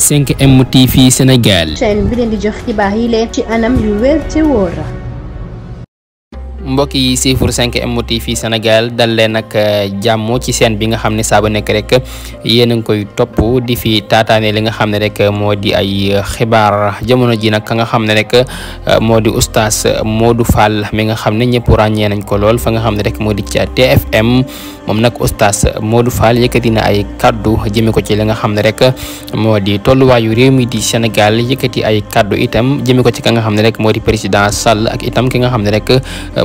5M TV Sénégal chaîne bi di jox xibaar yi leen ci anam yu wér te wóor mbokk yi siifur 5M TV Sénégal dal leen nag eh, jàmm ci seen bi nga xam ne saa ba nekk rek yéen a ngi koy topp di fi taataane li nga xam ne rek moo di ay xibaar jamono ji nag ka nga xam ne rek eh, moo di oustaz Modou Fall mi nga xam ne ñëpp ràññee nañ ko lool fa nga xam ne rek moo di ca TFM moom nag oustaz Modou Fall yëkkati na ay kaddu jëme ko ci li nga xam ne rek moo di tolluwaayu réew mi di Sénégal yëkkati ay kaddu itam jëme ko ci ka nga xam ne rek moo di président Sall ak itam ki nga xam ne rek. Eh,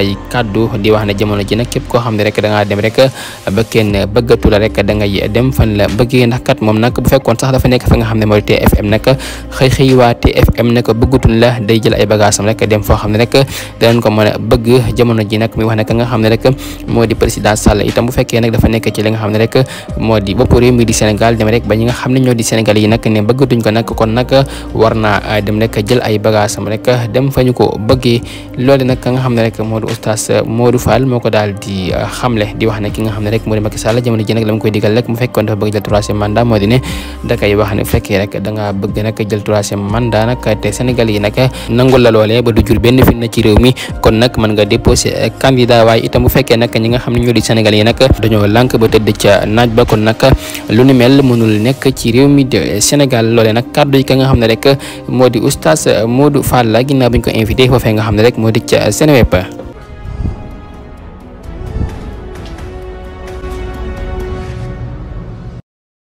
ay kàddu di wax ne jamono ji nag képp koo xam ne rek da dem rek ba kenn bëggatu la rek da ngay dem fan la bëggee ndax kat moom nag bu fekkoon sax jël ay bagaasam rek dem foo ko mën a bëgg jamono nga xam ne rek moo di ba ñi nga xam ne ñoo di Sénégal yi nag ne bëggatuñ ko nag kon nag war naa dem rek jël ay bagaasam rek dem fa ñu oustaz Modou Fall moo ko daal di euh, xamle di wax ne ki nga xam ne rek moo di Macky Sall jamono ji nag la mu koy digal rek mu fekkoon dafa bëgg jël troisième mandat moo di ne da koy wax ne fekkee yi nag nangul la loolee ba du jur benn ci réew mi kon nag mën nga déposé candidat waaye itam bu fekkee nag ñi nga xam ne ñoo di Sénégal yi nag dañoo lànk ba tëdd ca ba kon nag lu ni mel mënul nekk ci réew mi de Sénégal loolee nag kàddu yi ka nga xam ne rek moo di oustaz Modou Fall la ginnaaw bi ñu ko invité foofee nga xam ne rek moo di ca Seneweb